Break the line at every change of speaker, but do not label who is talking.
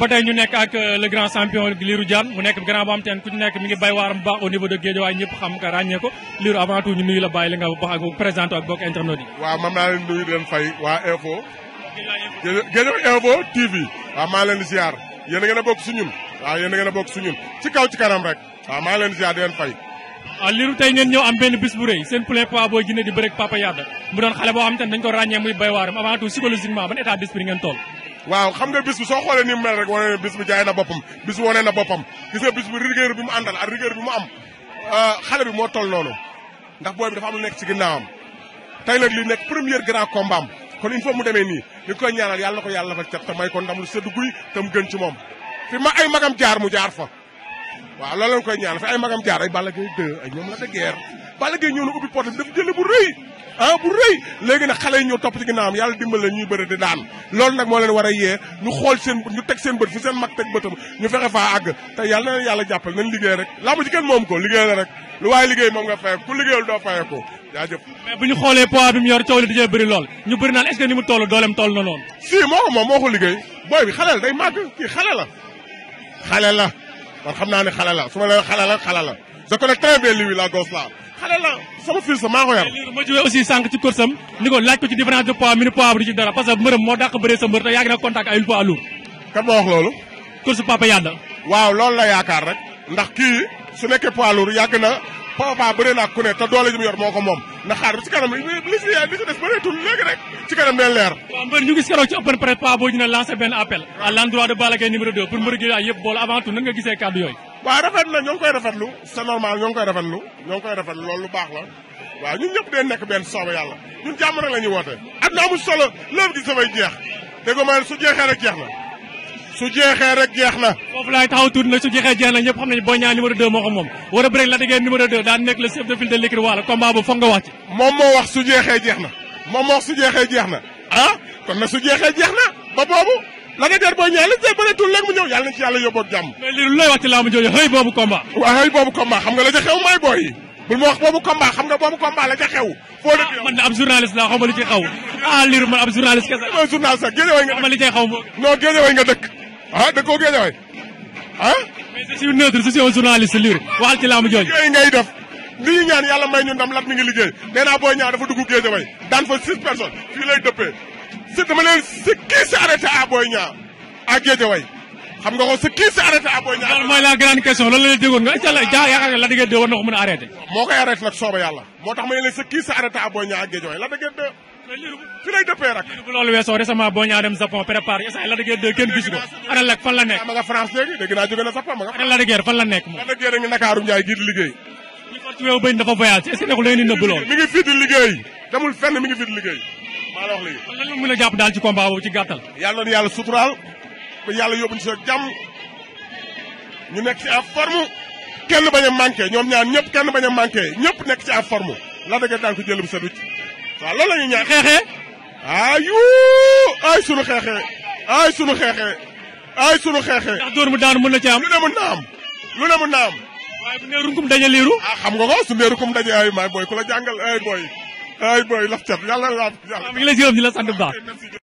ba tey nekk ak euh, le grand champion Lirou Diane mu waa
info. maa leen di ziar yéen ngeen a bokk su ñun. waaw yéen a ngeen a bokk su ci kaw
ci kanam rek. waaw maa leen di ziar di fay. waaw ah, Lirou tey ngeen ñëw am benn bis bu rëy seen plein poids booy jinne di bëreeg Papa Yada mu doon xale boo xam te ne ko ràññee muy bay waaram avant tout psychologiquement ban état d'esprit ngeen toll
waaw xam nga bis bi soo xoolee ni mu mel rek wane ne bis bi jaay na boppam bis bi wane na boppam gis bis bi rigueur bi mu àndal a rigueur bi mu am euh, xale bi moo toll ndax booy bi dafa am lu nekk ci ginnaawam tey nag li nekk premier grand combat am kon il faut mu demee nii li koy ñaanal yàlla ko yàlla fa cat te may ko ndam lu sedd guy te mu gën ci moom fi ma ay magam jaar mu jaar fa waaw loolu lañ koy ñaanal fi ay magam jaar ay Balla Gaye 2 ay ñoom la de guerre Balla لكن خلينا نطبق نعم يالا ديمبل نيو بري دي دان لول نك مو لين ورا ييه نيو خول سين نيو تك سين بير في سين ماك تك بتوم نيو فخ فا اغ تا يالا يالا جابال نان ليغي رك لامو جي كان مومكو يا جيف
مي بو نيو خولي بوا بيم يور تاولي دولم تول نون سي مو مو موكو ليغي بوي بي خلال داي ماك كي خلالا خلالا ما خمنا ني
خلالا سوما لا خلالا خلالا زكو لا تريبي لوي لا
xale la sama fils maa ko yar ma jógee aussi sànq ci kursam ni ko laaj ko ci différence de poids mini poids bu ci dara parce mbërëm moo dàq bëree sa mbër te yàgg na contact ay poids lourd kan moo wax loolu course Papa Yada waaw loolu la yaakaar rek
ndax kii su nekkee poids lourd yàgg na papa bëri naa ku ne te doole ji yor moo ko moom na xaar
ci kanam li si li si des bëreetul léegi rek ci kanam leen leer waaw mbër ñu gis keroog ci open waaw
rafet na ñoo koy rafetlu c'est normal ñoo ngi koy rafet lu ngi koy rafetlu loolu lu baax la waaw ñun ñëpp dee nekk benn sooba yàlla ñun jàmm rek la ñuy woote. at na amul solo lépp gi samay jeex dégg nga
su jeexee rek jeex na su jeexee rek jeex na. foofu laay taxaw tuuti nag su jeexee jeex na ñëpp xam nañu Boy Niang numéro 2 moo xam moom war a bëri la déggee numéro 2 daan nekk le chef de file de l'écurie Walo combat bu foog nga wax ci. moom moo wax su jeexee jeex na moom moo wax su na ah kon na su jeexee jeex na
ba la nga der booy ñaar la see bëreetul léegi mu ñëw yàlla nañ ci yàlla yóbboo jàmm. mais
lii lu lay wax ci laamu jooju xëy
boobu combat. waaw xëy boobu combat xam nga la ca xew mooy ma wax boobu combat xam nga boobu combat xew.
foo dëkk yow ah, man ab journaliste laa xaw ma li ci xaw ah liir man ab journaliste nga. dëkk ah, dëkkoo géejewaay ah. mais je suis neutre je suis
un journaliste liir waxal ci laamu jooju. yooyu ngay def li ñaan yàlla may ñu ndam lat mi ngi liggéey nee naa booy ñaar dafa dugg géejewaay si dama si kii si arrêté à Boy Niang à Guédiawaye xam nga ko si kii si arrêté à Boy Niang. loolu mooy la grande question loolu
la leen yaakaar nga la dëgg de war na ko mën a arrêté. moo koy arrêté nag sooba yàlla
moo tax ma ne leen si
kii si arrêté à Boy Niang à Guédiawaye la loolu weesoo récemment Boy Niang dem Japon préparé instant la dëgg de kenn gisu ko. ana lak fan la nekk fan la nekk
moom. maa la wax léegi. lan la mën a jàpp daal ci combat boobu ci gàttal. yàlla na yàlla suturaal ba yàlla yóbbuñu si jàmm ñu nekk ci en forme kenn bañ a ñoom ñaan ñëpp kenn bañ a manqué ñëpp nekk ci en forme la dëgg daan ko jël bu sedd waaw loolu la ñuy ñaan xeexee. ayuu ay sunu xeexee ay sunu xeexee ay sunu xeexee. ndax dóor mu daan mën na ci am. lu ne mën na am lu ne mën na am. waaye bu neerum kum dañu liiru. Ah, xam nga ko su neerum kum dañu ay maay booy ku la jàngal ay booy. ay booy lax cat yàlla laaf yàlla. mi ngi lay gërëm di la sant bu baax.